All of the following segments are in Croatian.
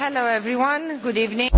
Hello everyone, good evening.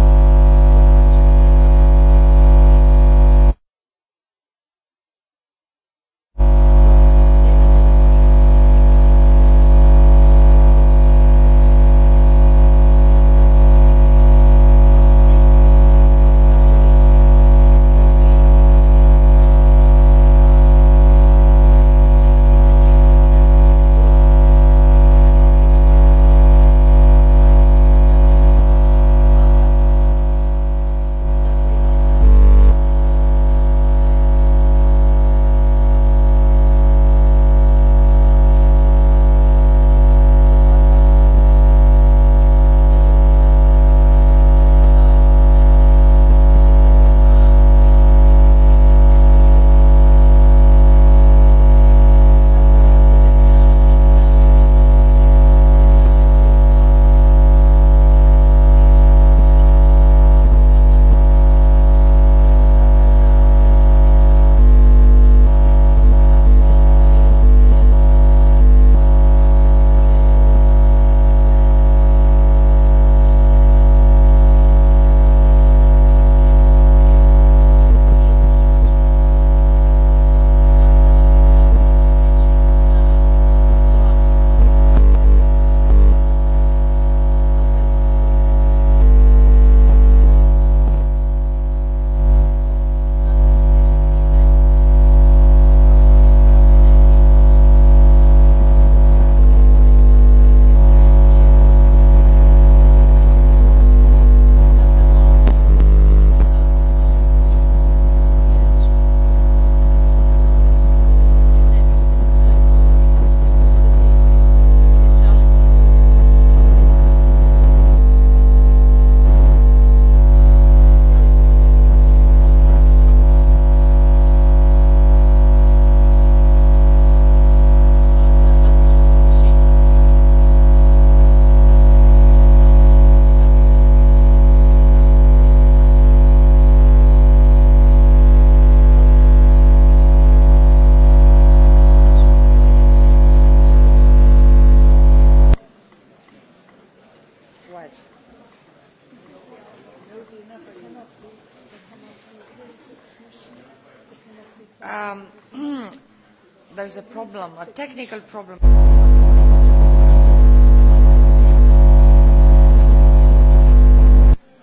there's a problem, a technical problem.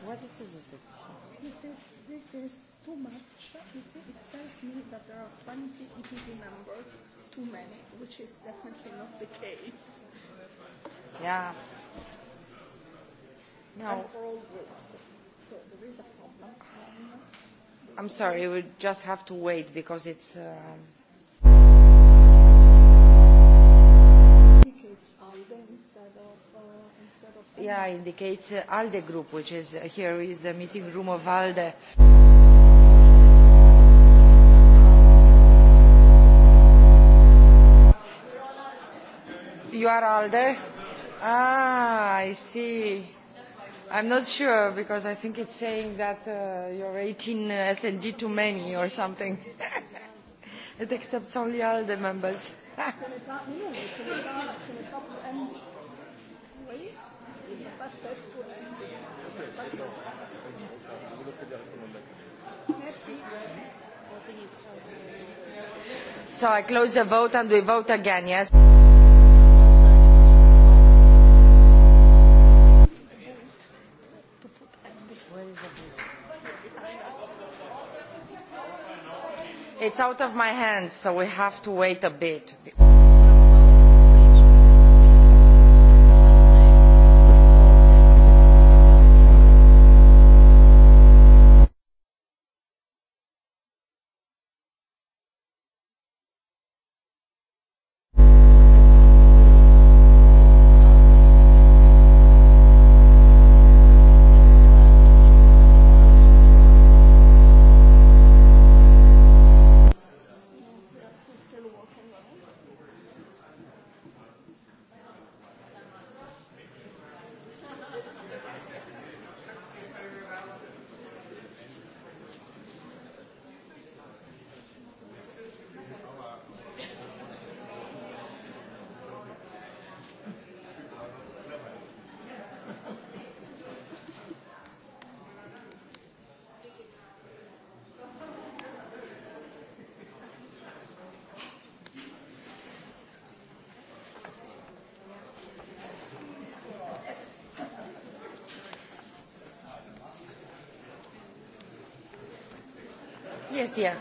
What is this? This is, this is too much. You see, it tells me that there are 20 EPP members too many, which is definitely not the case. Yeah. No. And for all groups. So there is a problem. I'm sorry, we just have to wait because it's... Uh... yeah, indicates uh, ALDE group, which is uh, here is the meeting room of ALDE. You are ALDE? Ah, I see. I'm not sure because I think it's saying that uh, you're 18 uh, SND too many or something. it accepts only ALDE members. So I close the vote and we vote again, yes? It's out of my hands, so we have to wait a bit. is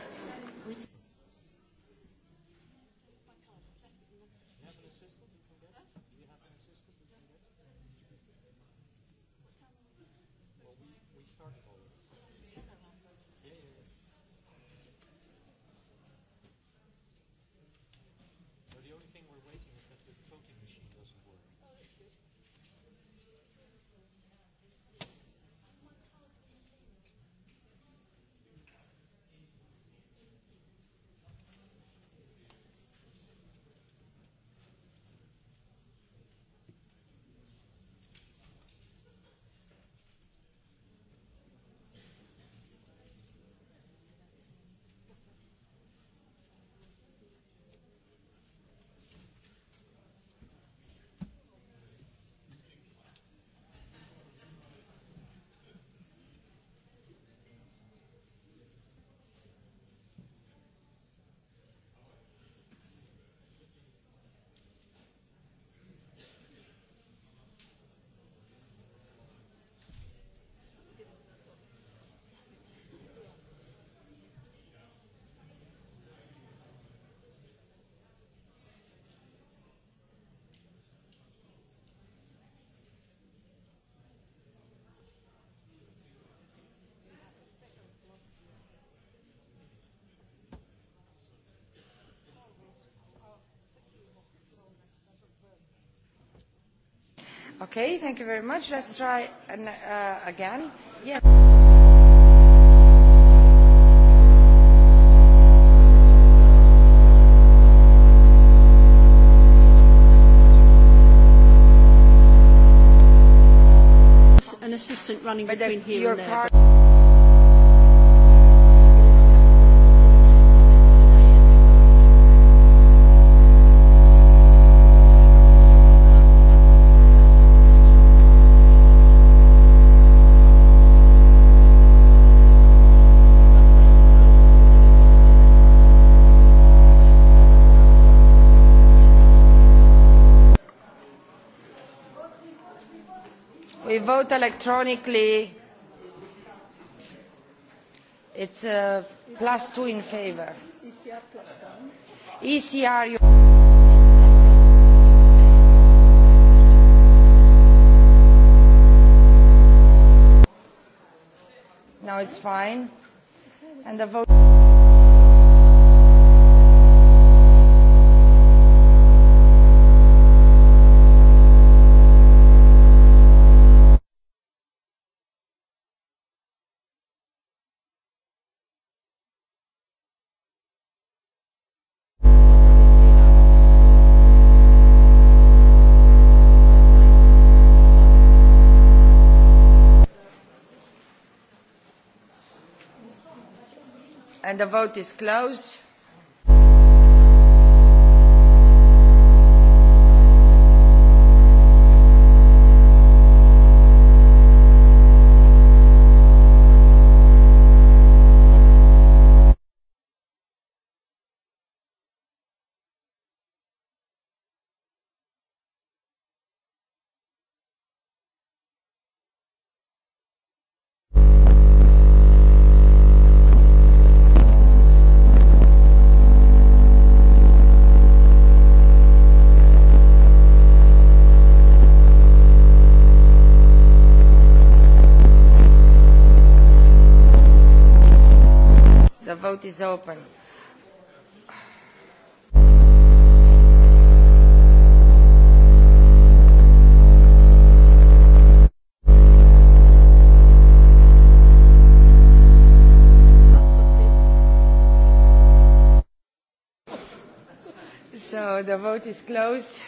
Okay, thank you very much. Let's try uh, again. Yes. An assistant running between here and there. vote electronically. It's a plus two in favor. ECR ECR. You now it's fine and the vote the vote is closed the vote is closed.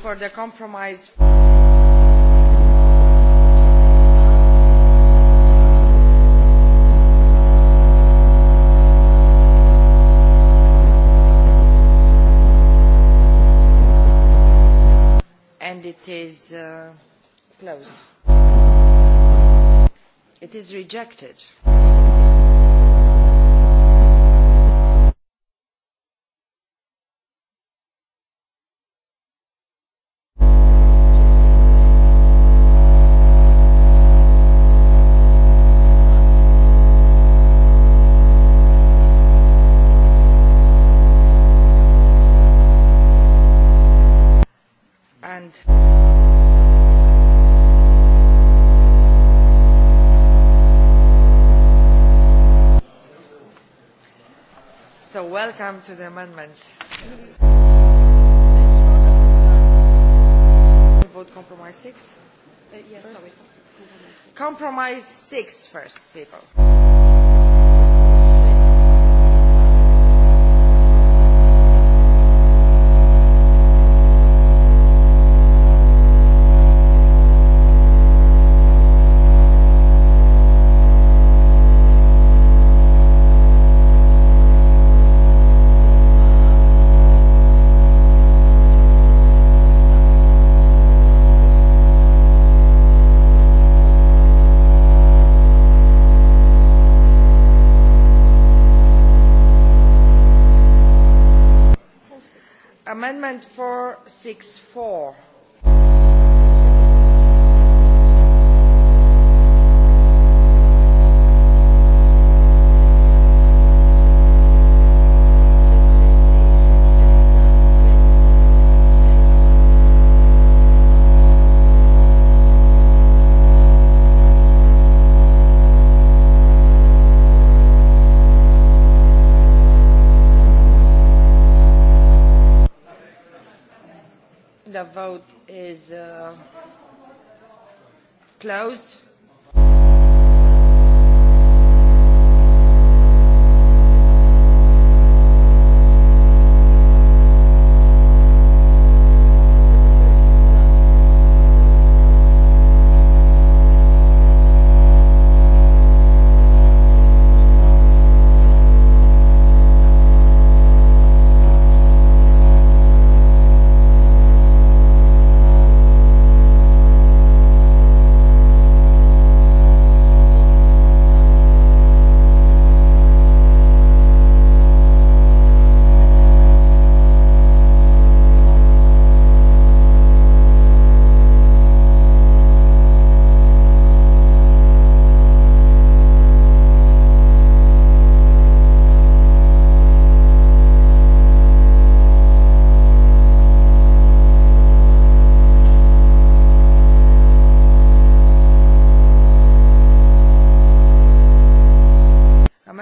for the compromise and it is uh, closed. It is rejected. to the amendments. Vote compromise six. Uh, yes, sorry. Compromise six first, people. fiks. closed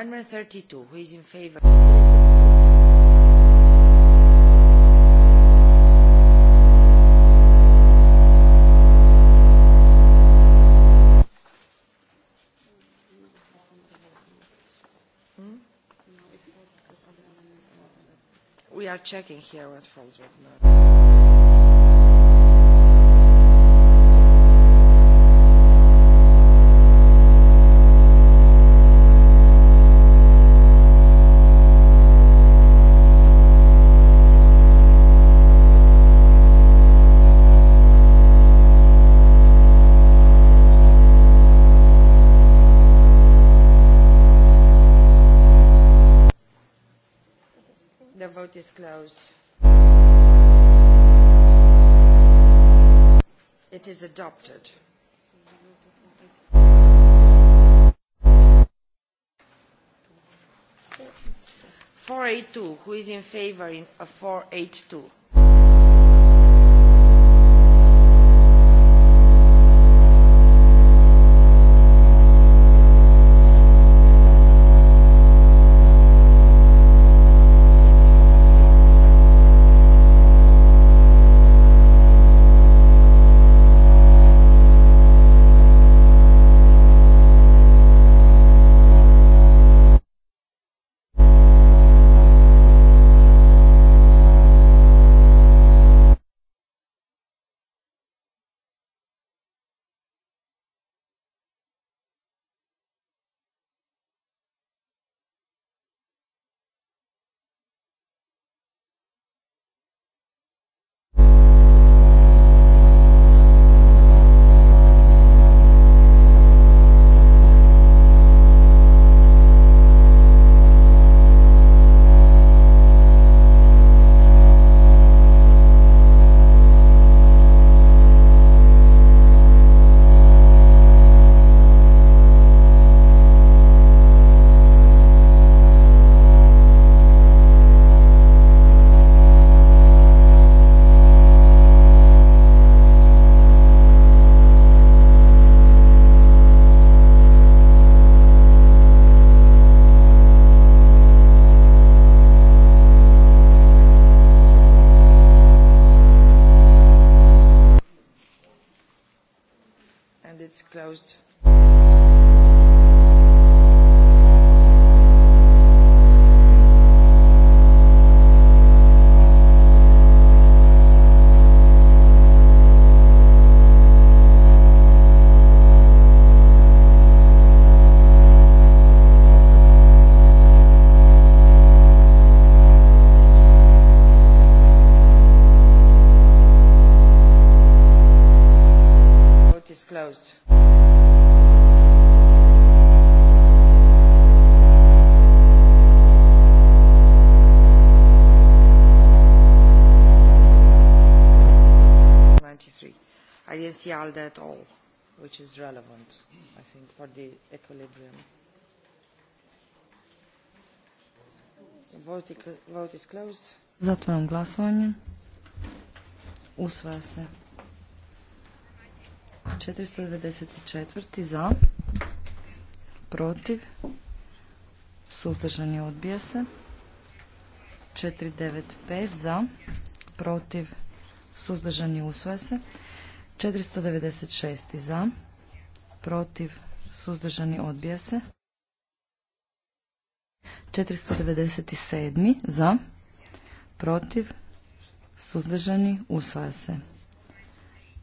Amendment 32. Who is in favor? Hmm? We are checking here what falls, what not. adopted. 482, who is in favor uh, of 482? which is relevant, I think, for the equilibrium. vote, is closed. Zatvaram glasovanje. Usvaja se. 494. za. Protiv. suzdržanje odbija se. 495 za. Protiv. suzdržanje usvaja se. 496. za, protiv, suzdržani, odbija se. 497. za, protiv, suzdržani, usvaja se.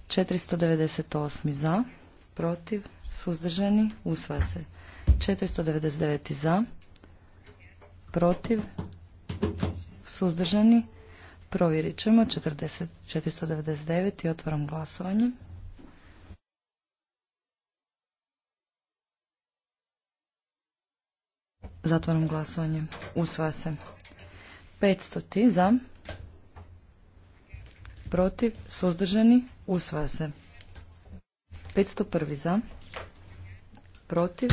498. za, protiv, suzdržani, usvaja se. 499. za, protiv, suzdržani, Provjerit ćemo 40, 499 i otvaram glasovanje. Zatvaram glasovanje. Usvaja se. 500 ti za. Protiv. Suzdržani. Usvaja se. 501 za. Protiv.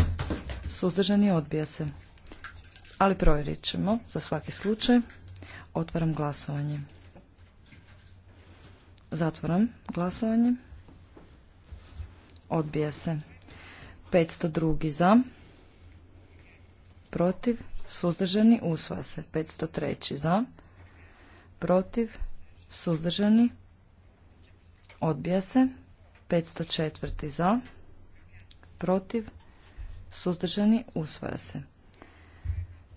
Suzdržani. Odbija se. Ali provjerit ćemo za svaki slučaj. Otvaram glasovanje. Zatvaram glasovanje. Odbija se. 502. za. Protiv. Suzdržani. Usva se. 503. za. Protiv. Suzdržani. Odbija se. 504. za. Protiv. Suzdržani. Usvaja se.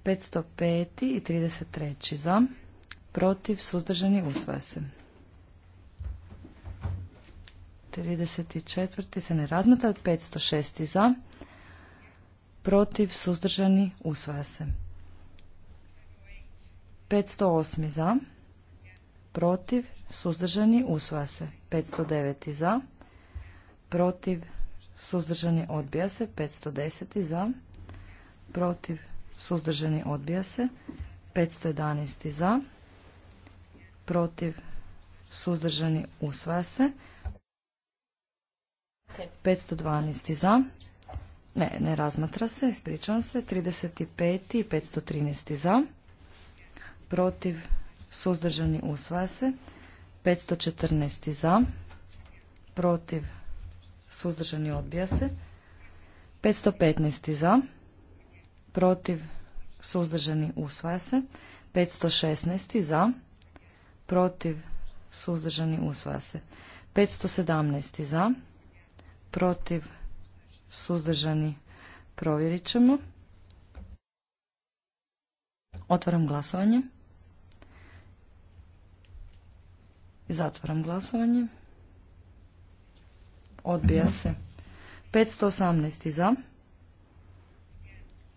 505. i 33. za protiv, suzdržani, usvaja se. 34. se ne razmeta. 506. za, protiv, suzdržani, usvaja se. 508. za, protiv, suzdržani, usvaja se. 509. za, protiv, suzdržani, odbija se. 510. za, protiv, suzdržani, odbija se. 511. za, protiv, suzdržani, usvaja se. 512. za. Ne, ne razmatra se, ispričavam se. 35. i 513. za. Protiv, suzdržani, usvaja se. 514. za. Protiv, suzdržani, odbija se. 515. za. Protiv, suzdržani, usvaja se. 516. za protiv, suzdržani, usvaja se. 517. za, protiv, suzdržani, provjerit ćemo. Otvaram glasovanje. Zatvaram glasovanje. Odbija mhm. se. 518. za,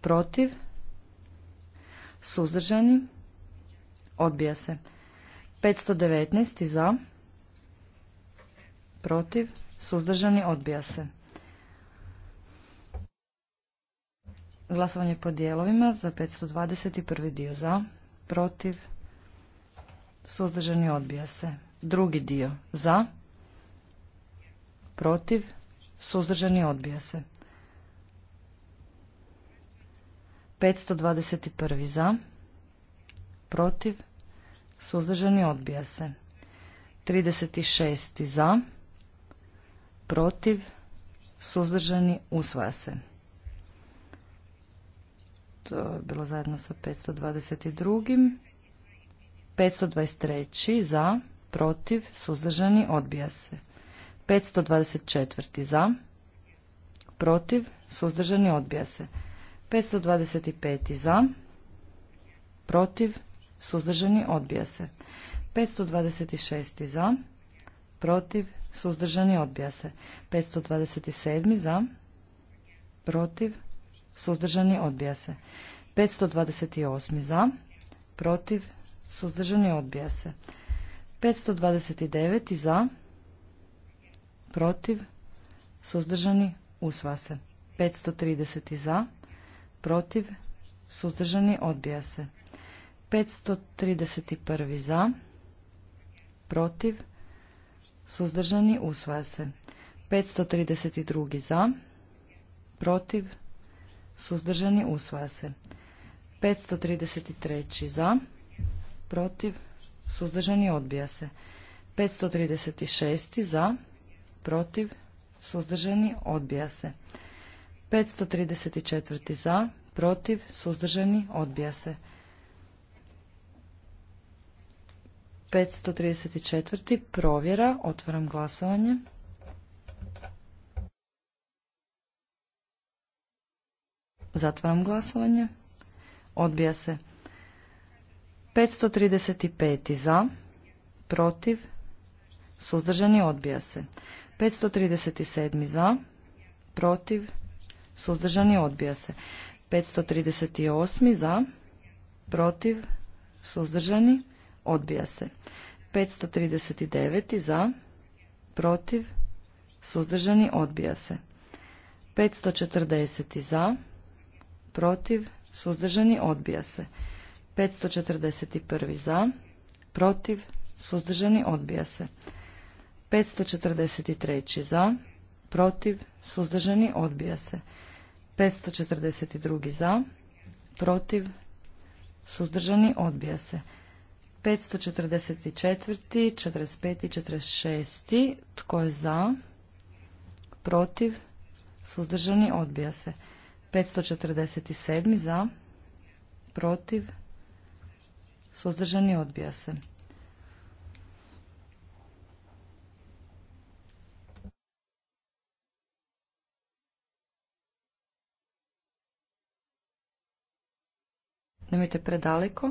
protiv, suzdržani, odbija se. 519. za, protiv, suzdržani, odbija se. Glasovanje po dijelovima za 521. dio za, protiv, suzdržani, odbija se. Drugi dio za, protiv, suzdržani, odbija se. 521. za, protiv, suzdržani, odbija se. 36. za, protiv, suzdržani, usvaja se. To je bilo zajedno sa 522. 523. za, protiv, suzdržani, odbija se. 524. za, protiv, suzdržani, odbija se. 525. za, protiv, suzdržani, odbija se. 526. za, protiv, suzdržani, odbija se. 527. za, protiv, suzdržani, odbija se. 528. za, protiv, suzdržani, odbija se. 529. za, protiv, suzdržani, usva se. 530. za, protiv, suzdržani, odbija se. 531. za, protiv, suzdržani, usvaja se. 532. za, protiv, suzdržani, usvaja se. 533. za, protiv, suzdržani, odbija se. 536. za, protiv, suzdržani, odbija se. 534. za, protiv, suzdržani, odbija se. 534. provjera. Otvaram glasovanje. Zatvaram glasovanje. Odbija se. 535. za. Protiv. Suzdržani odbija se. 537. za. Protiv. Suzdržani odbija se. 538. za. Protiv. Suzdržani odbija se. Odbija se. 539. za. Protiv. Suzdržani. Odbija se. 540. za. Protiv. Suzdržani. Odbija se. 541. za. Protiv. Suzdržani. Odbija se. 543. za. Protiv. Suzdržani. Odbija se. 542. za. Protiv. Suzdržani. Odbija se. 544. 45. i 46. Tko je za? Protiv? Suzdržani? Odbija se. 547. Za? Protiv? Suzdržani? Odbija se. Nemojte predaleko.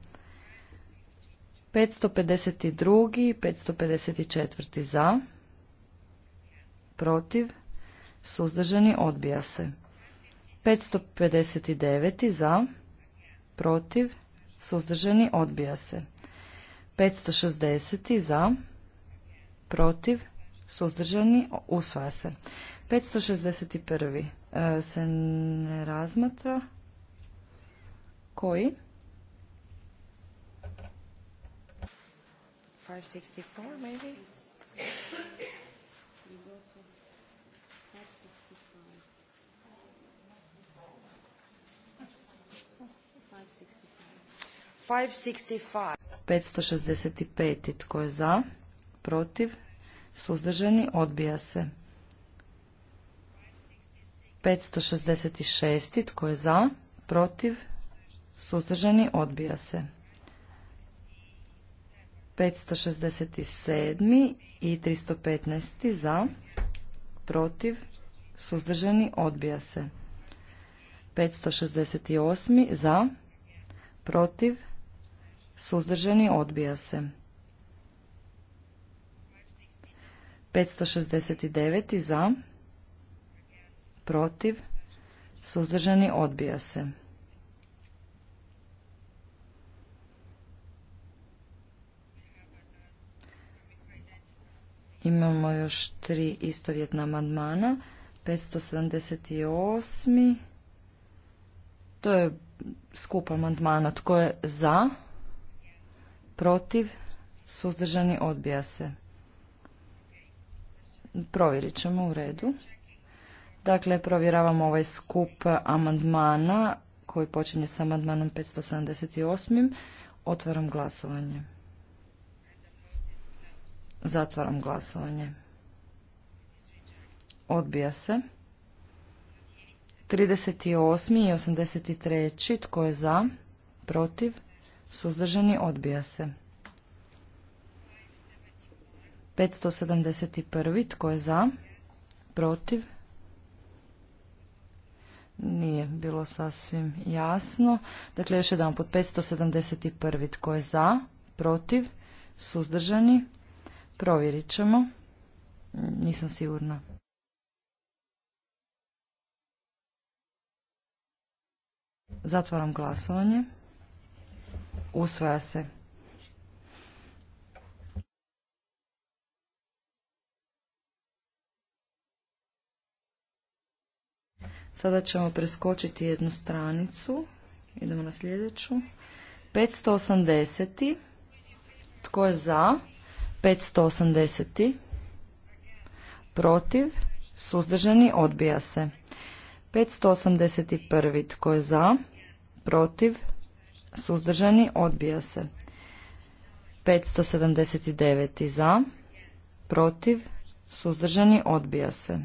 552. 554. za. Protiv. Suzdržani odbija se. 559. za. Protiv. Suzdržani odbija se. 560. za. Protiv. Suzdržani usvaja se. 561. E, se ne razmatra. Koji? 564 maybe? Five sixty 565. Tko je za? Protiv? Suzdržani? Odbija se. 566. Tko je za? Protiv? Suzdržani? Odbija se. 567. i 315. za, protiv, suzdržani, odbija se. 568. za, protiv, suzdržani, odbija se. 569. za, protiv, suzdržani, odbija se. Imamo još tri istovjetna amandmana. 578. To je skup amandmana. Tko je za? Protiv? Suzdržani odbija se. Provjerit ćemo u redu. Dakle, provjeravamo ovaj skup amandmana koji počinje sa amandmanom 578. Otvaram glasovanje. Zatvaram glasovanje. Odbija se. 38. i 83. Tko je za? Protiv? Suzdržani? Odbija se. 571. Tko je za? Protiv? Nije bilo sasvim jasno. Dakle, još jedan put. 571. Tko je za? Protiv? Suzdržani? Odbija se. Provjerit ćemo. Nisam sigurna. Zatvaram glasovanje. Usvaja se. Sada ćemo preskočiti jednu stranicu. Idemo na sljedeću. 580. Tko je za? 580. Protiv. Suzdržani. Odbija se. 581. Tko je za? Protiv. Suzdržani. Odbija se. 579. Za. Protiv. Suzdržani. Odbija se.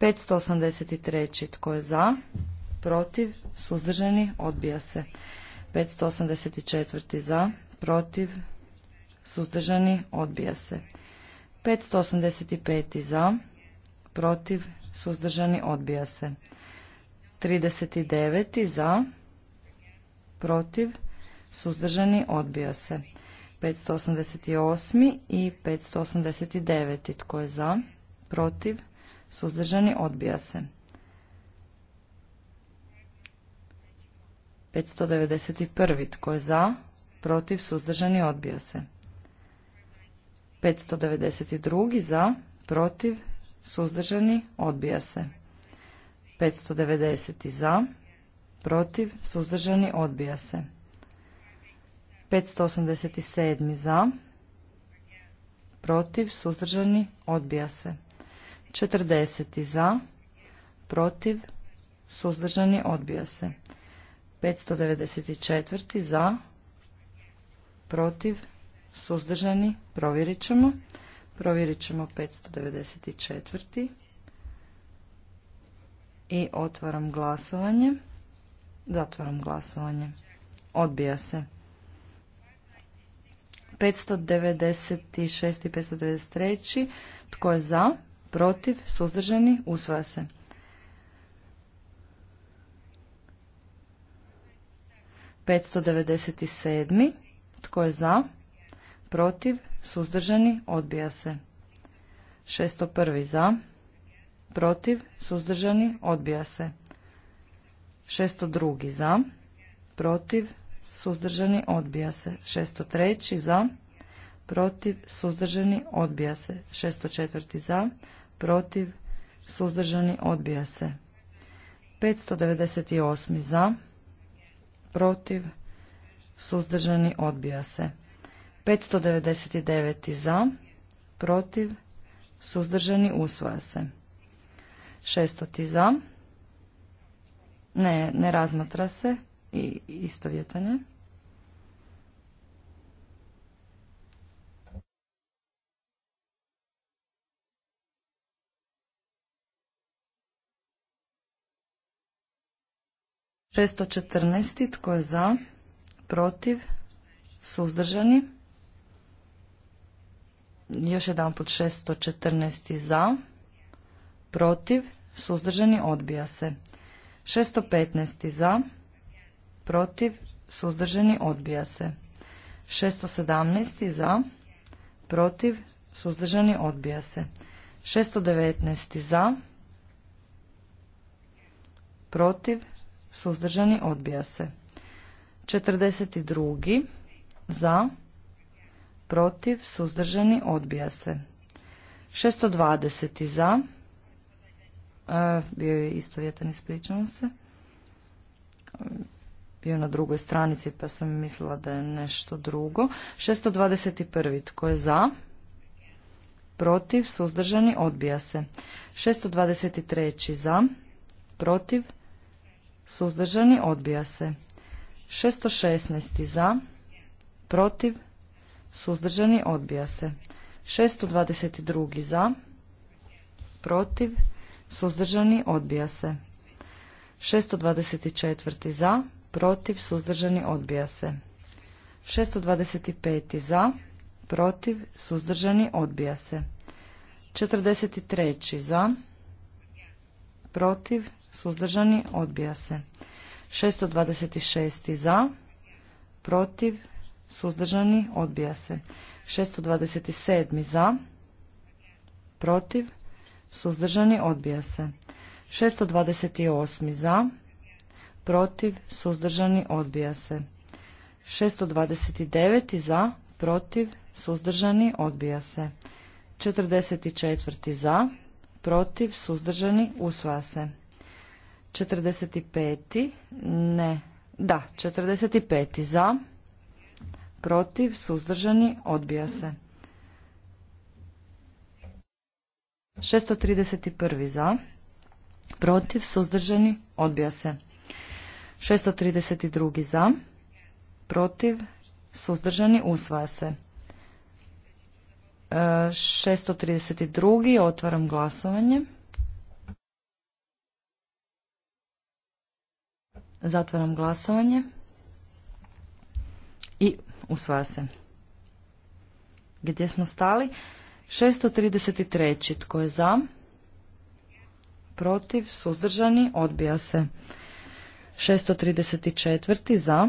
583. Tko je za? Protiv. Suzdržani. Odbija se. 584. Za. Protiv suzdržani, odbija se. 585. za, protiv, suzdržani, odbija se. 39. za, protiv, suzdržani, odbija se. 588. i 589. tko je za, protiv, suzdržani, odbija se. 591. tko je za, protiv, suzdržani, odbija se. 592 za, protiv, suzdržani, odbija se. 590 za, protiv, suzdržani, odbija se. 587 za, protiv, suzdržani, odbija se. 40 za, protiv, suzdržani, odbija se. 594 za, protiv, suzdržani, provjerit ćemo. Provjerit ćemo 594. I otvaram glasovanje. Zatvaram glasovanje. Odbija se. 596 i 593. Tko je za? Protiv? Suzdržani? Usvaja se. 597. Tko je za? protiv, suzdržani, odbija se. 601. za, protiv, suzdržani, odbija se. 602. za, protiv, suzdržani, odbija se. 603. za, protiv, suzdržani, odbija se. 604. za, protiv, suzdržani, odbija se. 598. za, protiv, suzdržani, odbija se. 599. za, protiv, suzdržani, usvoja se. 600. za, ne, ne razmatra se i isto vjetanje. Šesto četrnaest tko je za, protiv, suzdržani. Još jedan put 614. za, protiv, suzdržani, odbija se. 615. za, protiv, suzdržani, odbija se. 617. za, protiv, suzdržani, odbija se. 619. za, protiv, suzdržani, odbija se. 42. za, protiv, protiv, suzdržani, odbija se. 620 za, e, bio je isto vjetan ispričavam se. Bio je na drugoj stranici pa sam mislila da je nešto drugo. 621. Tko je za? Protiv, suzdržani, odbija se. 623. za, protiv, suzdržani, odbija se. 616. za, protiv, Suzdržani odbija se. 622. za. Protiv. Suzdržani odbija se. 624. za. Protiv. Suzdržani odbija se. 625. za. Protiv. Suzdržani odbija se. 43. za. Protiv. Suzdržani odbija se. 626. za. Protiv suzdržani, odbija se. 627. za, protiv, suzdržani, odbija se. 628. za, protiv, suzdržani, odbija se. 629. za, protiv, suzdržani, odbija se. 44. za, protiv, suzdržani, usvaja se. 45. ne, da, 45. za, protiv, suzdržani, odbija se. 631. za, protiv, suzdržani, odbija se. 632. za, protiv, suzdržani, usvaja se. 632. E, otvaram glasovanje. Zatvaram glasovanje. I Usvase. se. Gdje smo stali? 633. Tko je za? Protiv? Suzdržani? Odbija se. 634. Za?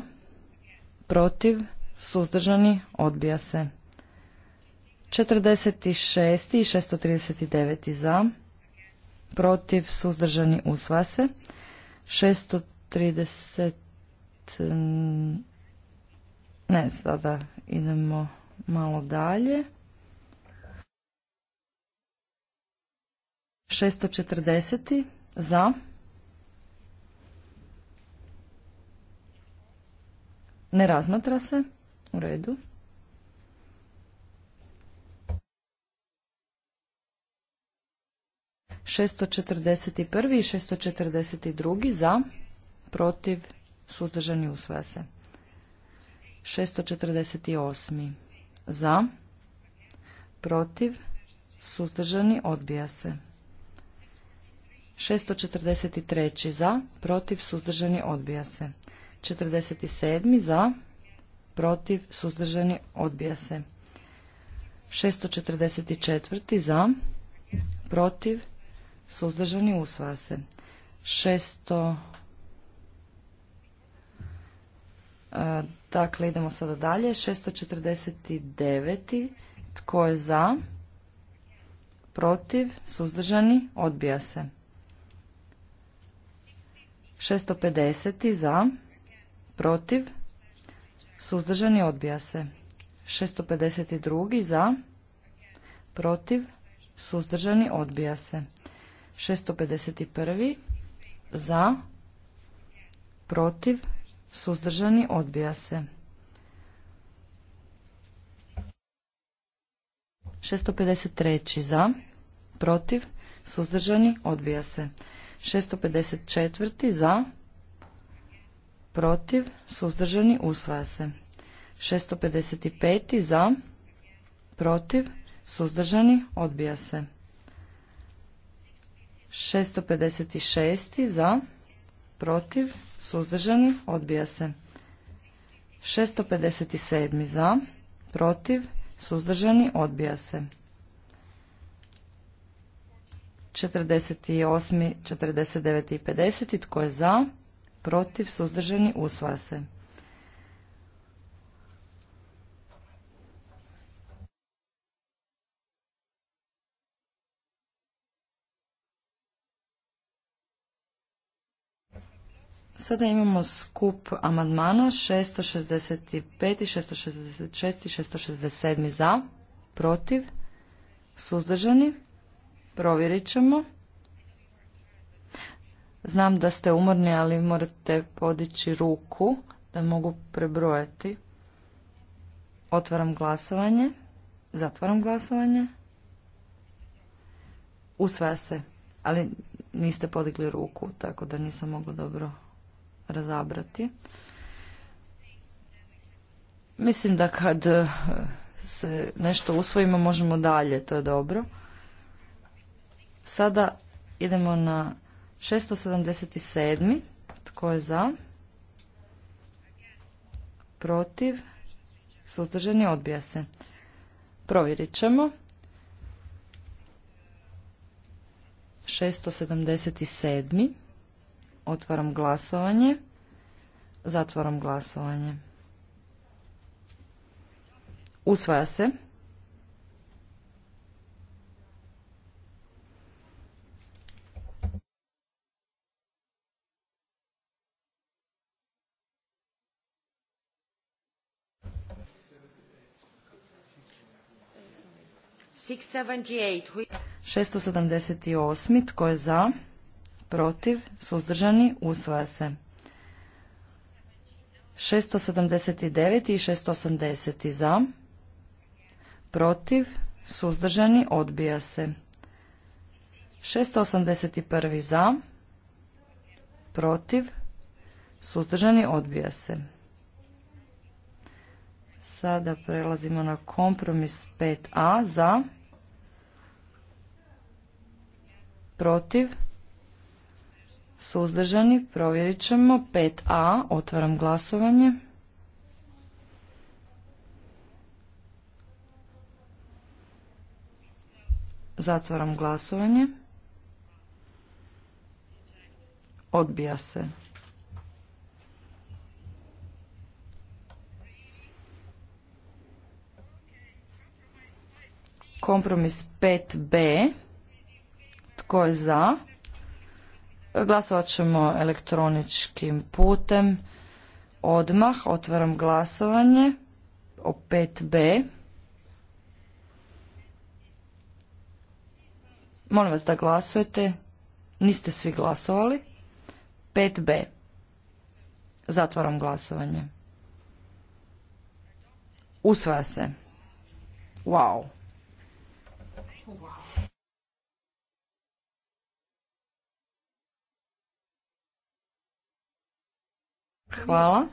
Protiv? Suzdržani? Odbija se. 46. i 639. Za? Protiv? Suzdržani? usvase. se. 630. Ne, sada idemo malo dalje. 640. za. Ne razmatra se. U redu. Šesto četrdeset i i šesto četrdeset za, protiv, suzdržani usvaja se. 648. Za. Protiv. Suzdržani. Odbija se. 643. Za. Protiv. Suzdržani. Odbija se. 47. Za. Protiv. Suzdržani. Odbija se. 644. Za. Protiv. Suzdržani. Usvaja se. 600. E, dakle, idemo sada dalje. 649. Tko je za? Protiv? Suzdržani? Odbija se. 650. Za? Protiv? Suzdržani? Odbija se. 652. Za? Protiv? Suzdržani? Odbija se. 651. Za? Protiv? suzdržani, odbija se. 653. za, protiv, suzdržani, odbija se. 654. za, protiv, suzdržani, usvaja se. 655. za, protiv, suzdržani, odbija se. 656. za, protiv, suzdržani, odbija se. 657. za, protiv, suzdržani, odbija se. 48., 49. i 50. Tko je za? Protiv, suzdržani, usvaja se. Sada imamo skup amandmana 665 i 666 i 667 za, protiv, suzdržani. Provjerit ćemo. Znam da ste umorni, ali morate podići ruku da mogu prebrojati. Otvaram glasovanje. Zatvaram glasovanje. Usvaja se, ali niste podigli ruku, tako da nisam mogla dobro razabrati. Mislim da kad eh, se nešto usvojimo možemo dalje, to je dobro. Sada idemo na 677. Tko je za? Protiv? Suzdržani odbija se. Provjerit ćemo. 677. Otvaram glasovanje. Zatvaram glasovanje. Usvaja se. Šesto sedamdeset osam tko je za protiv, suzdržani, usvaja se. 679 i 680 za, protiv, suzdržani, odbija se. 681 za, protiv, suzdržani, odbija se. Sada prelazimo na kompromis 5a za, protiv, suzdržani, provjerit ćemo. 5a, otvaram glasovanje. Zatvaram glasovanje. Odbija se. Kompromis 5b. Tko je za? Glasovat ćemo elektroničkim putem. Odmah otvaram glasovanje o 5b. Molim vas da glasujete. Niste svi glasovali. 5b. Zatvaram glasovanje. Usvaja se. Wow. Wow. Hvala.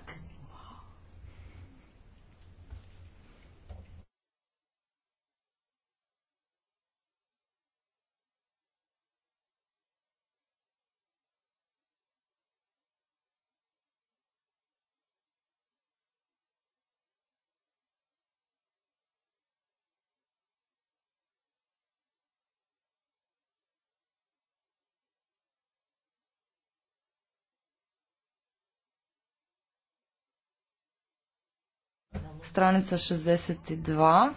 stranica 62,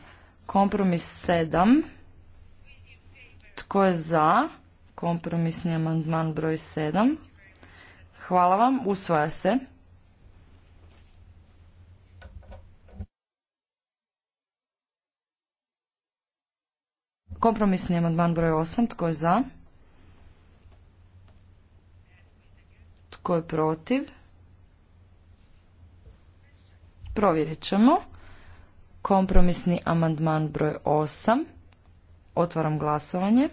kompromis 7. Tko je za? Kompromisni amandman broj 7. Hvala vam, usvaja se. Kompromisni amandman broj 8. Tko je za? Tko je protiv? Provjerit ćemo. Kompromisni amandman broj 8. Otvaram glasovanje.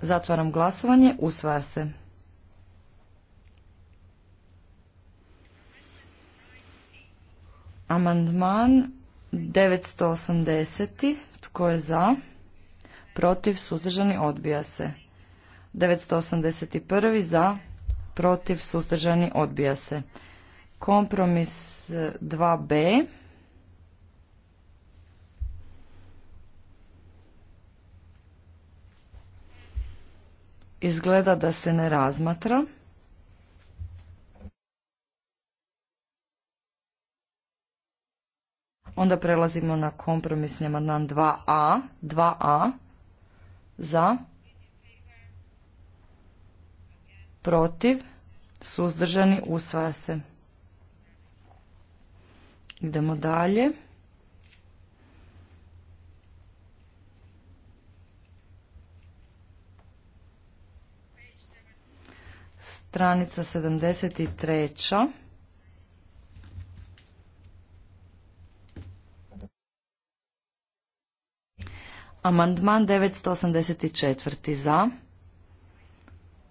Zatvaram glasovanje. Usvaja se. Amandman 980. Tko je za? Protiv? Suzdržani? Odbija se. 981 za, protiv, suzdržani, odbija se. Kompromis 2b. E, Izgleda da se ne razmatra. Onda prelazimo na kompromisni amandman 2a, 2a za protiv, suzdržani, usvaja se. Idemo dalje. Stranica 73. Amandman 984. za.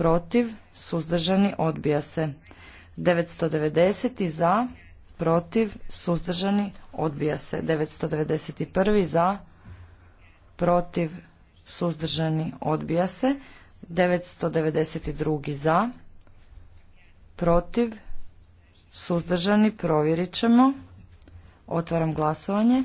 protiv, suzdržani, odbija se. 990. za, protiv, suzdržani, odbija se. 991. za, protiv, suzdržani, odbija se. 992. za, protiv, suzdržani, provjerit ćemo. Otvaram glasovanje.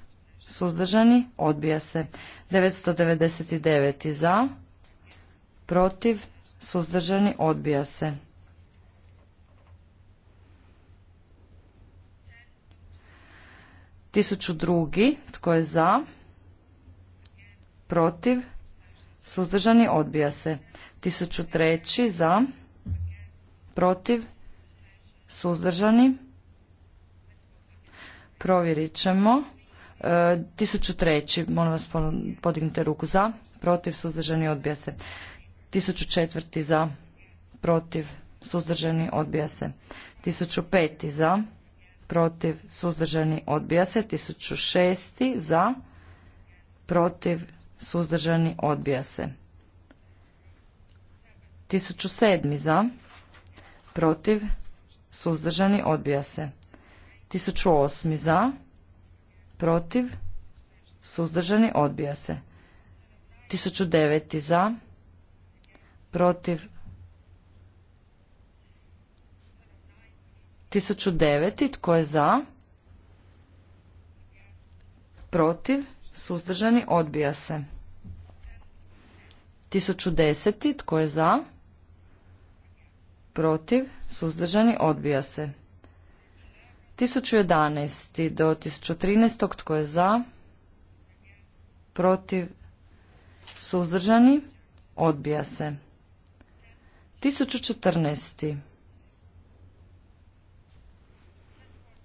Suzdržani? Odbija se. 999. Za? Protiv? Suzdržani? Odbija se. 1002. Tko je za? Protiv? Suzdržani? Odbija se. 1003. Za? Protiv? Suzdržani? Provjerit ćemo. 1003. Molim vas podignite ruku za. Protiv. Suzdržani. Odbija se. 1004. Za. Protiv. Suzdržani. Odbija se. 1005. Za. Protiv. Suzdržani. Odbija se. 1006. Za. Protiv. Suzdržani. Odbija se. 1007. Za. Protiv. Suzdržani. Odbija se. 1008. Za protiv, suzdržani, odbija se. 1009. za, protiv, 1009. tko je za, protiv, suzdržani, odbija se. 1010. tko je za, protiv, suzdržani, odbija se. 1011. do 1013. tko je za, protiv, suzdržani, odbija se. 1014.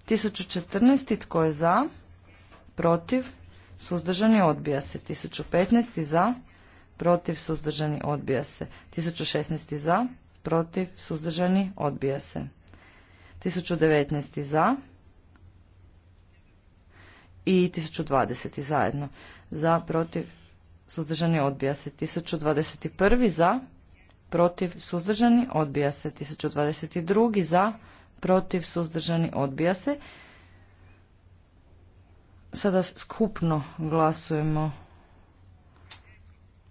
1014. tko je za, protiv, suzdržani, odbija se. 1015. za, protiv, suzdržani, odbija se. 1016. za, protiv, suzdržani, odbija se. 1019. za i 1020. zajedno. Za, protiv, suzdržani, odbija se. 1021. za, protiv, suzdržani, odbija se. 1022. za, protiv, suzdržani, odbija se. Sada skupno glasujemo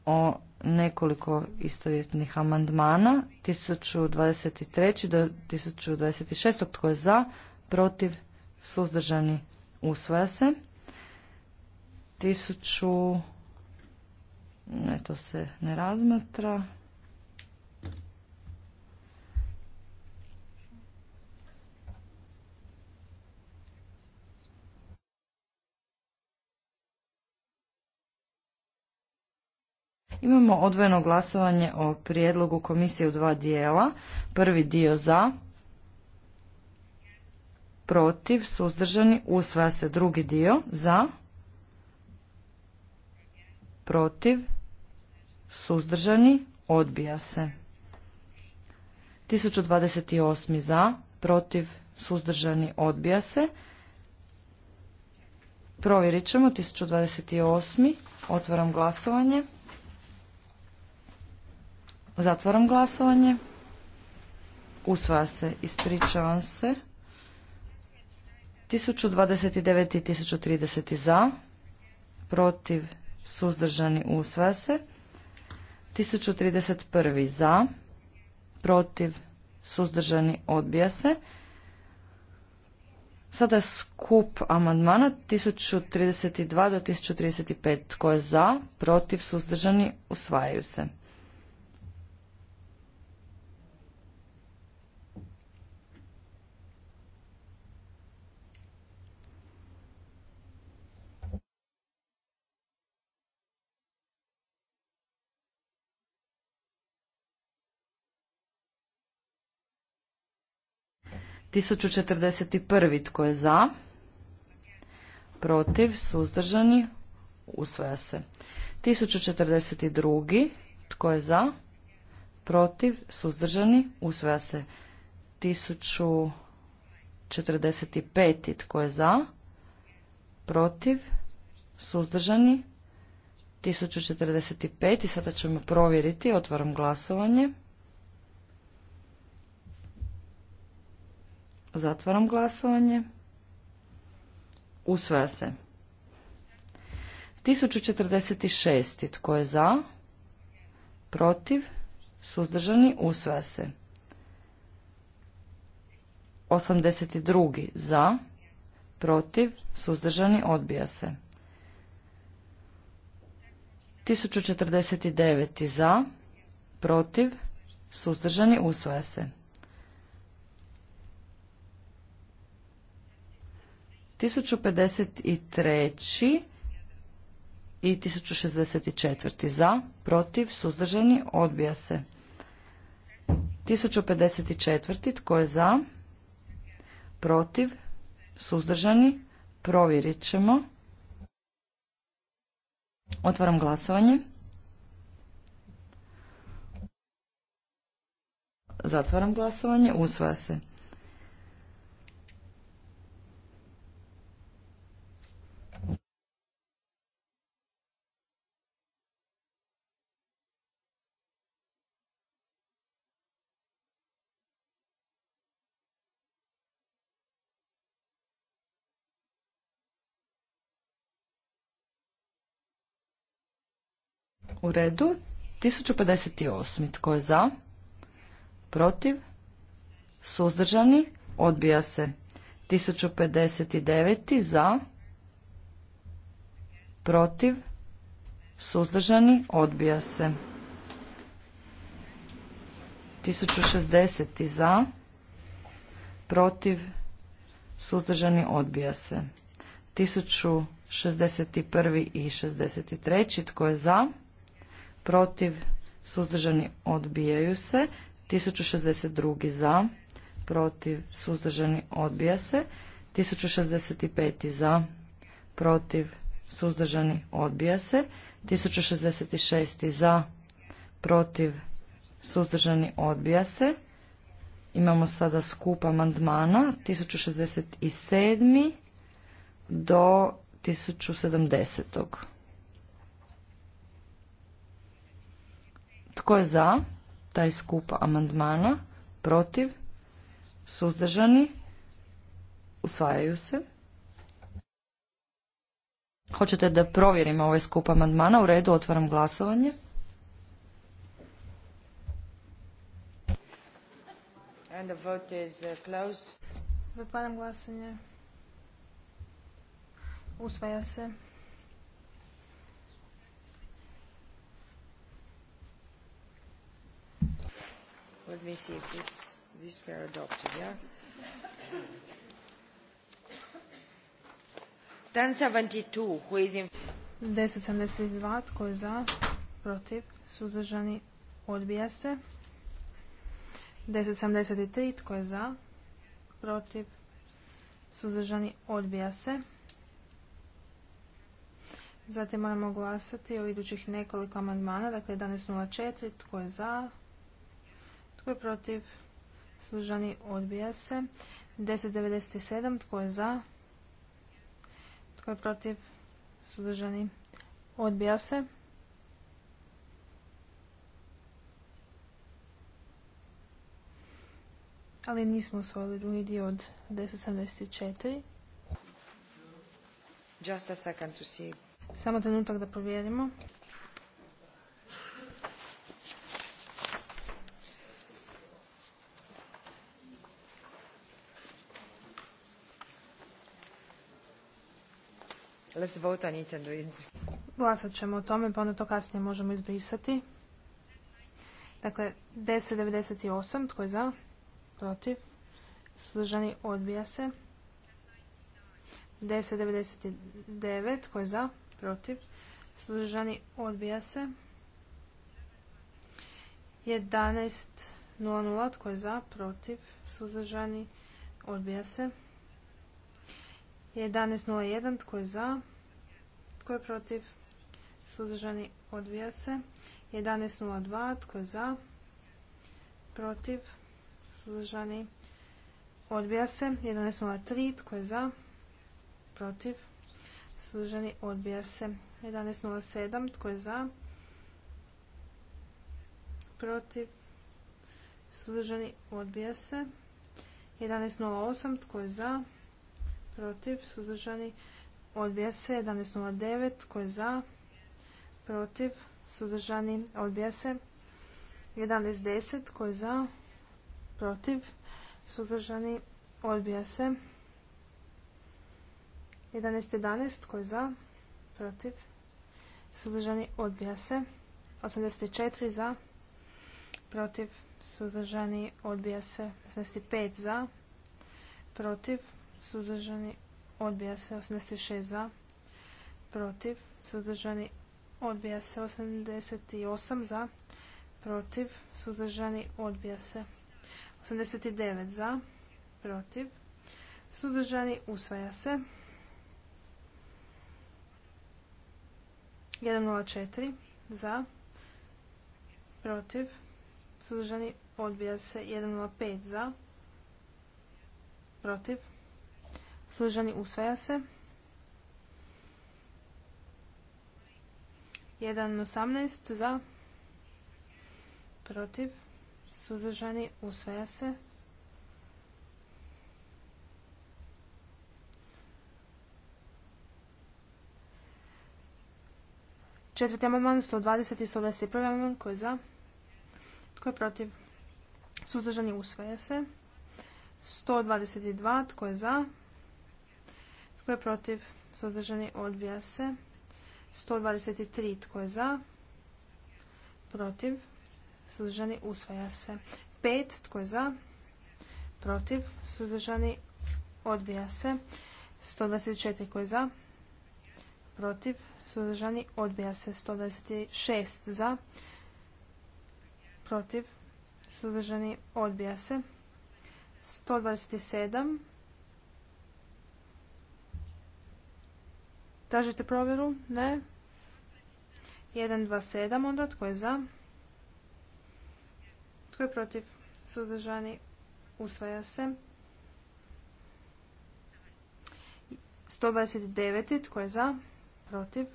o nekoliko istovjetnih amandmana 1023. do 1026. tko je za, protiv, suzdržani, usvaja se. 1000 ne, to se ne razmatra. Imamo odvojeno glasovanje o prijedlogu komisije u dva dijela. Prvi dio za, protiv, suzdržani, usvaja se drugi dio za, protiv, suzdržani, odbija se. 1028 za, protiv, suzdržani, odbija se. Provjerit ćemo 1028. Otvaram glasovanje. Zatvaram glasovanje. Usvaja se, ispričavam se. 1029 i 1030 za, protiv, suzdržani, usvaja se. 1031 za, protiv, suzdržani, odbija se. Sada je skup amandmana 1032 do 1035. Tko je za, protiv, suzdržani, usvajaju se. 1041. Tko je za? Protiv? Suzdržani? Usvaja se. 1042. Tko je za? Protiv? Suzdržani? Usvaja se. 1045. Tko je za? Protiv? Suzdržani? 1045. sada ćemo provjeriti. Otvaram glasovanje. Zatvaram glasovanje. Usvaja se. 1046. Tko je za? Protiv? Suzdržani? Usvaja se. 82. Za? Protiv? Suzdržani? Odbija se. 1049. Za? Protiv? Suzdržani? Usvaja se. 1053 i 1064 za, protiv, suzdržani, odbija se. 1054. Tko je za? Protiv? Suzdržani? Provjerit ćemo. Otvaram glasovanje. Zatvaram glasovanje. Usvaja se. U redu. 1058. Tko je za? Protiv? Suzdržani? Odbija se. 1059. Za? Protiv? Suzdržani? Odbija se. 1060. Za? Protiv? Suzdržani? Odbija se. 1061. i 63. Tko je za? protiv, suzdržani odbijaju se. 1062. za, protiv, suzdržani odbija se. 1065. za, protiv, suzdržani odbija se. 1066. za, protiv, suzdržani odbija se. Imamo sada skup amandmana 1067. do 1070. Tko je za taj skup amandmana? Protiv? Suzdržani? Usvajaju se. Hoćete da provjerimo ovaj skup amandmana? U redu, otvaram glasovanje. And the vote is uh, Zatvaram glasanje. Usvaja se. Let me see if this, this were adopted, yeah? 1072, who is 1072, tko je za, protiv, suzdržani, odbija se. 1073, tko je za, protiv, suzdržani, odbija se. Zatim moramo glasati o idućih nekoliko amandmana, dakle 11.04, tko je za, tko je protiv? Suzdržani odbija se. 1097. Tko je za? Tko je protiv? Suzdržani odbija se. Ali nismo usvojili drugi dio od 1074. Just a second to Samo trenutak da provjerimo. let's vote on it Glasat ćemo o tome, pa onda to kasnije možemo izbrisati. Dakle, 10.98, tko je za? Protiv. Sudržani odbija se. 10.99, tko je za? Protiv. Sudržani odbija se. 11.00, tko je za? Protiv. Suzdržani odbija se. 11.01, tko je za? Tko je protiv? Suzdržani odbija se. 11.02. Tko je za? Protiv? Suzdržani odbija se. 11.03. Tko je za? Protiv? Suzdržani odbija se. 11.07. Tko je za? Protiv? Suzdržani odbija se. 11.08. Tko je za? Protiv? Suzdržani se odbija se 11.09 tko je za protiv sudržani odbija se 11.10 tko je za protiv sudržani odbija se 11.11 tko je za protiv sudržani odbija se 84 za protiv suzdržani odbija se 85 za protiv suzdržani odbija se 86 za, protiv, sudržani odbija se 88 za, protiv, sudržani odbija se 89 za, protiv, sudržani usvaja se 104 za, protiv, sudržani odbija se 105 za, protiv, suzdržani, usvaja se. 1.18 za, protiv, suzdržani, usvaja se. Četvrti amadman, 120 i 121. amandman, koji je za? Tko je protiv? Suzdržani usvaja se. 122, tko je za? Tko je protiv? Suzdržani odbija se. 123. Tko je za? Protiv. Suzdržani usvaja se. 5. Tko je za? Protiv. Suzdržani odbija se. 124. Tko je za? Protiv. Suzdržani odbija se. 126. Za? Protiv. Suzdržani odbija se. 127. Tražite provjeru? Ne. 1, 2, onda. Tko je za? Tko je protiv? Sudržani, Usvaja se. 129. Tko je za? Protiv.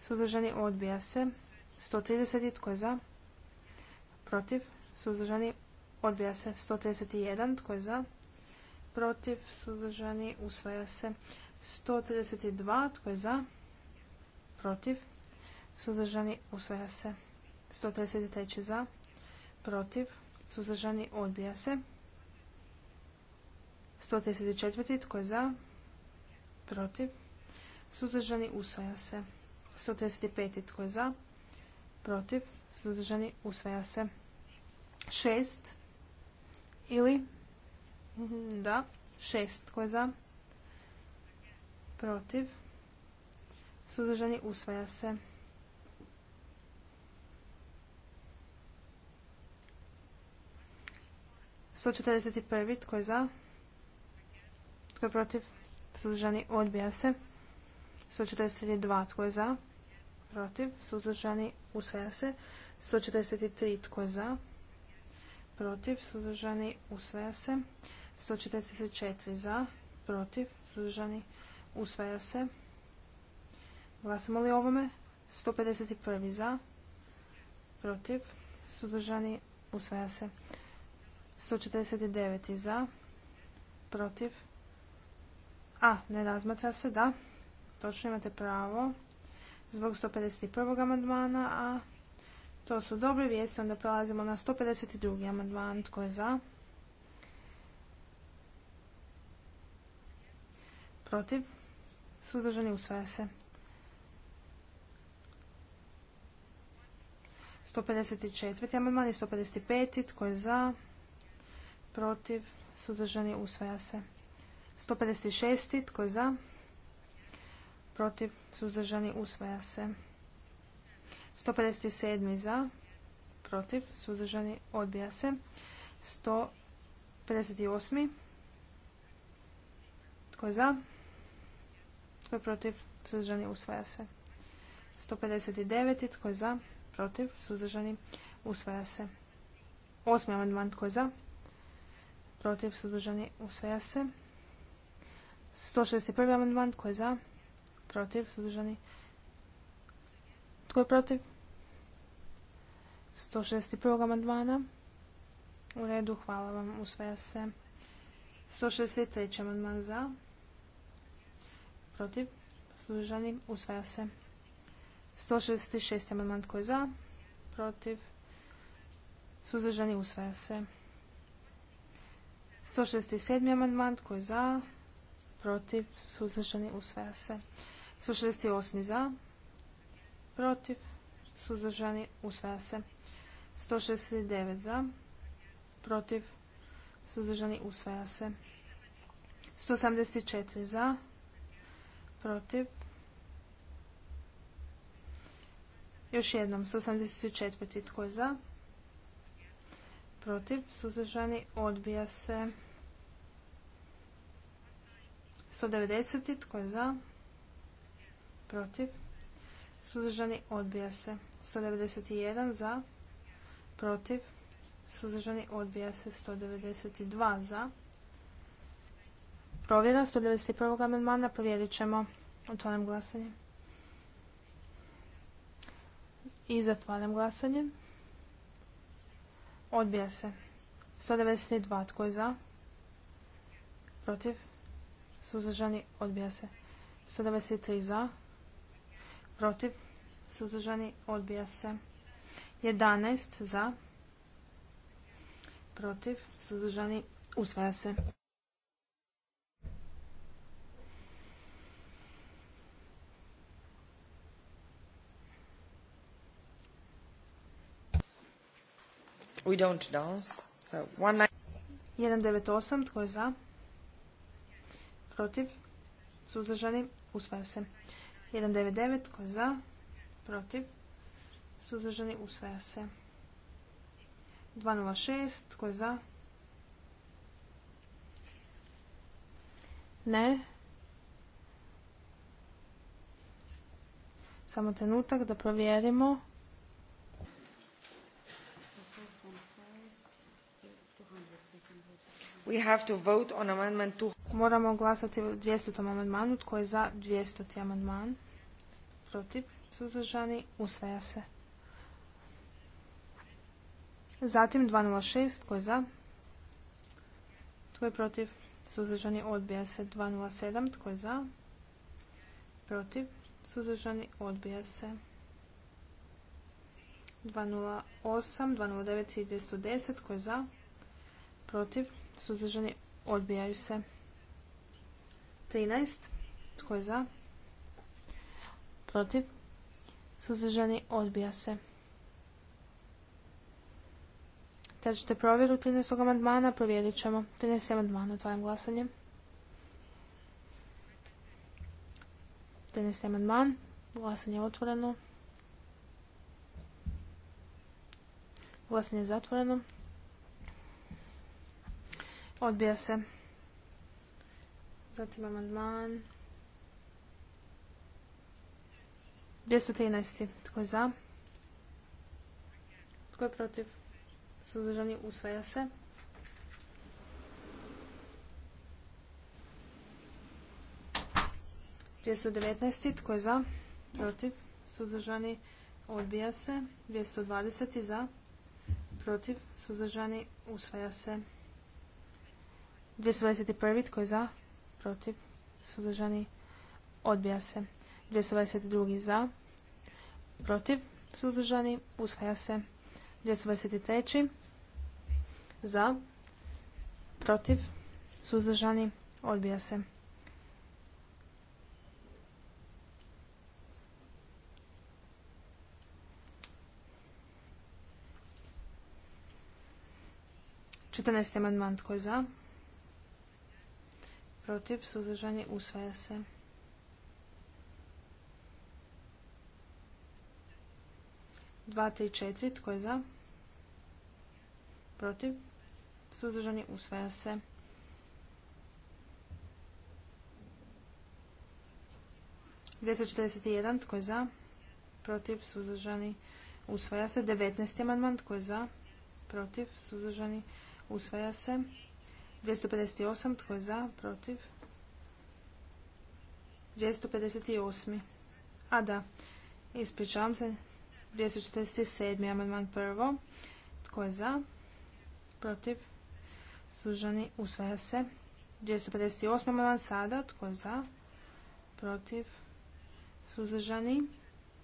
Sudržani, Odbija se. 130. Tko je za? Protiv. Suzdržani. Odbija se. 131. Tko je za? Protiv. Suzdržani. Usvaja se. 132. Tko je za? Protiv. Suzdržani usvaja se. 133. Za. Protiv. Suzdržani odbija se. 134. Tko je za? Protiv. Suzdržani usvaja se. 135. Tko je za? Protiv. Suzdržani usvaja se. 6. Ili? Mhm, da. 6. Tko je za? Protiv protiv, suzdržani, usvaja se. Sto četrdeset tko je za? Tko je protiv? Suzdržani, odbija se. 142 tko je za? Protiv, suzdržani, usvaja se. 143 tko je za? Protiv, suzdržani, usvaja se. 144 za, protiv, suzdržani, Usvaja se. Glasamo li ovome? 151. za. Protiv. Sudržani. Usvaja se. 149. za. Protiv. A, ne razmatra se, da. Točno imate pravo. Zbog 151. amandmana, a to su dobre vijesti, onda prelazimo na 152. amandman, tko je za? Protiv? Suzdržani usvaja se. 154. amandman je 155. Tko je za? Protiv? Suzdržani usvaja se. 156. Tko je za? Protiv? Suzdržani usvaja se. 157. za? Protiv? Suzdržani odbija se. 158. Tko je za? Tko je protiv? Suzdržani usvaja se. 159. Tko je za? Protiv? Suzdržani usvaja se. Osmi amandman. Tko je za? Protiv? Suzdržani usvaja se. 161. amandman. Tko je za? Protiv? Suzdržani. Tko je protiv? 161. amandmana. U redu, hvala vam. Usvaja se. 163. amandman za protiv, suzdržani, usvaja se. 166. amandman tko je za, protiv, suzdržani, usvaja se. 167. amandman tko je za, protiv, suzdržani, usvaja se. 168. za, protiv, suzdržani, usvaja se. 169 za, protiv, suzdržani, usvaja se. 174 za, protiv. Još jednom, 184. tko je za? Protiv, suzdržani, odbija se. 190. tko je za? Protiv, suzdržani, odbija se. 191 za, protiv, suzdržani, odbija se. 192 za, Provjera 191. amandmana. Provjerit ćemo. Otvaram glasanje. I zatvaram glasanje. Odbija se. 192. Tko je za? Protiv? Suzdržani? Odbija se. 193 za. Protiv? Suzdržani? Odbija se. 11 za. Protiv? Suzdržani? Usvaja se. We don't dance. So, one... 198. Tko je za? Protiv? Suzdržani? Usvaja se. 199. Tko je za? Protiv? Suzdržani? Usvaja se. 206. Tko je za? Ne. Samo trenutak da provjerimo. We have to vote on amendment Moramo glasati o 200. amandmanu. Tko je za 200. amandman? Protiv? Suzdržani? Usvaja se. Zatim 206. Tko je za? Tko je protiv? Suzdržani? Odbija se. 207. Tko je za? Protiv? Suzdržani? Odbija se. 208, 209 i 210. Tko je za? Protiv? suzdržani, odbijaju se. 13. Tko je za? Protiv. Suzdržani, odbija se. ćete provjeru 13. amandmana, provjerit ćemo. 13. amandmana, otvaram glasanje. 13. amandman, glasanje je otvoreno. Glasanje je zatvoreno. Odbija se. Zatim amandman. 213. Tko je za? Tko je protiv? Suzdržani usvaja se. Dvjesto Tko je za? Protiv. Suzdržani odbija se. 220. Za. Protiv. Suzdržani usvaja se. 221. tko je za? Protiv. Suzdržani. Odbija se. 222. za. Protiv. Suzdržani. Usvaja se. 223. za. Protiv. Suzdržani. Odbija se. 14. amandman tko je za? protiv, suzdržani, usvaja se. Dva, tri, četiri, tko je za? Protiv, suzdržani, usvaja se. 241, tko je za? Protiv, suzdržani, usvaja se. Devetnaest amandman, tko je za? Protiv, suzdržani, usvaja se. 258. Tko je za? Protiv? 258. A da, ispričavam se. 247. amandman prvo. Tko je za? Protiv? Sužani usvaja se. 258. amandman sada. Tko je za? Protiv? Suzdržani?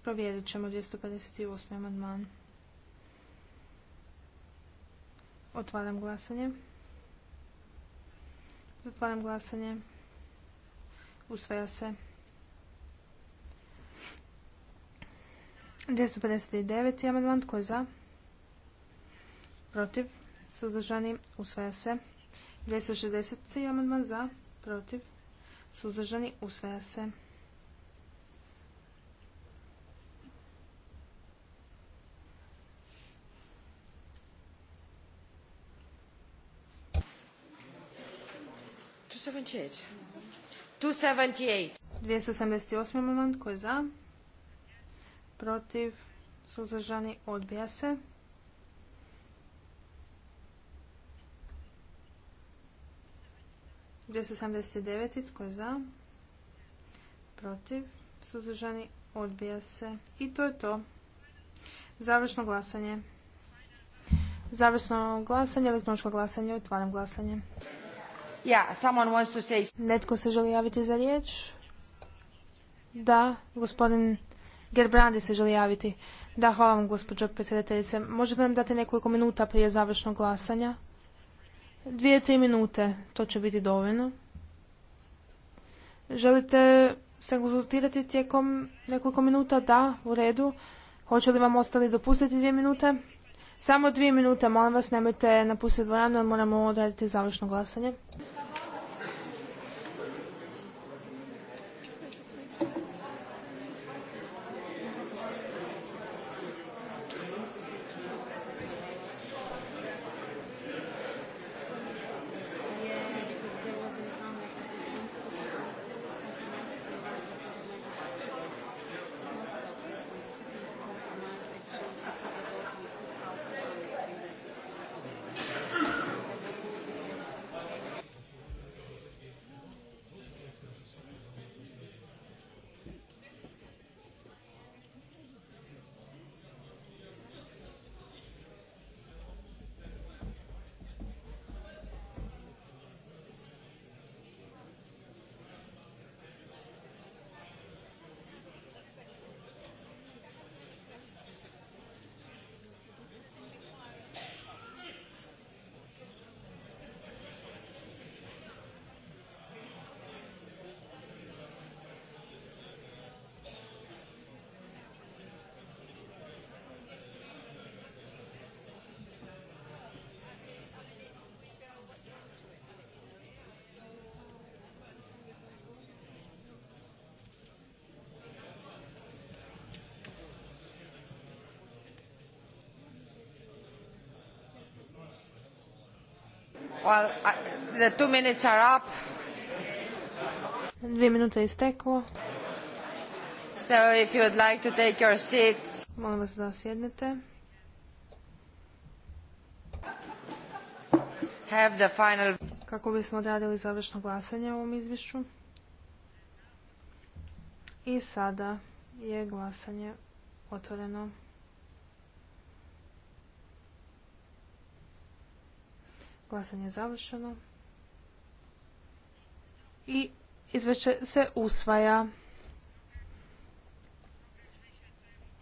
Provjerit ćemo 258. amandman. Otvaram glasanje. Zatvaram glasanje. Usvaja se. 259. amandman. Tko je za? Protiv. Sudržani. Usvaja se. 260. amandman. Za. Protiv. Sudržani. Usvaja se. dvjesto 278. 278. moment tko je za? Protiv? Suzdržani? Odbija se. Dvjesto sedamdeset devet tko je za? Protiv? Suzdržani? Odbija se. I to je to. Završno glasanje. Završno glasanje, elektroničko glasanje, otvaram glasanje. Netko se želi javiti za riječ? Da, gospodin Gerbrandi se želi javiti. Da, hvala vam gospođo predsjedateljice. Možete nam dati nekoliko minuta prije završnog glasanja? Dvije, tri minute, to će biti dovoljno. Želite se konzultirati tijekom nekoliko minuta? Da, u redu. Hoće li vam ostali dopustiti dvije minute? Samo dvije minute, molim vas, nemojte napustiti dvoranu, moramo odraditi završno glasanje. Well, the two minutes are up. Dvije minute je isteklo. So if you would like to take your seats. Molim vas da sjednete. Have the final... Kako bismo odradili završno glasanje u ovom izvješću? I sada je glasanje otvoreno. Glasanje je završeno. I izvješće se usvaja.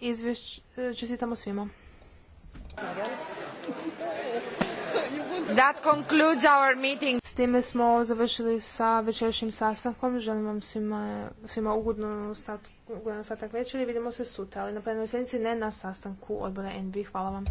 Izvješće čestitamo svima. That concludes our meeting. S time smo završili sa večerašnjim sastankom. Želim vam svima, svima ugodnu ostatak, večeri. Vidimo se sutra, ali na prednoj sjednici ne na sastanku odbora NB. Hvala vam.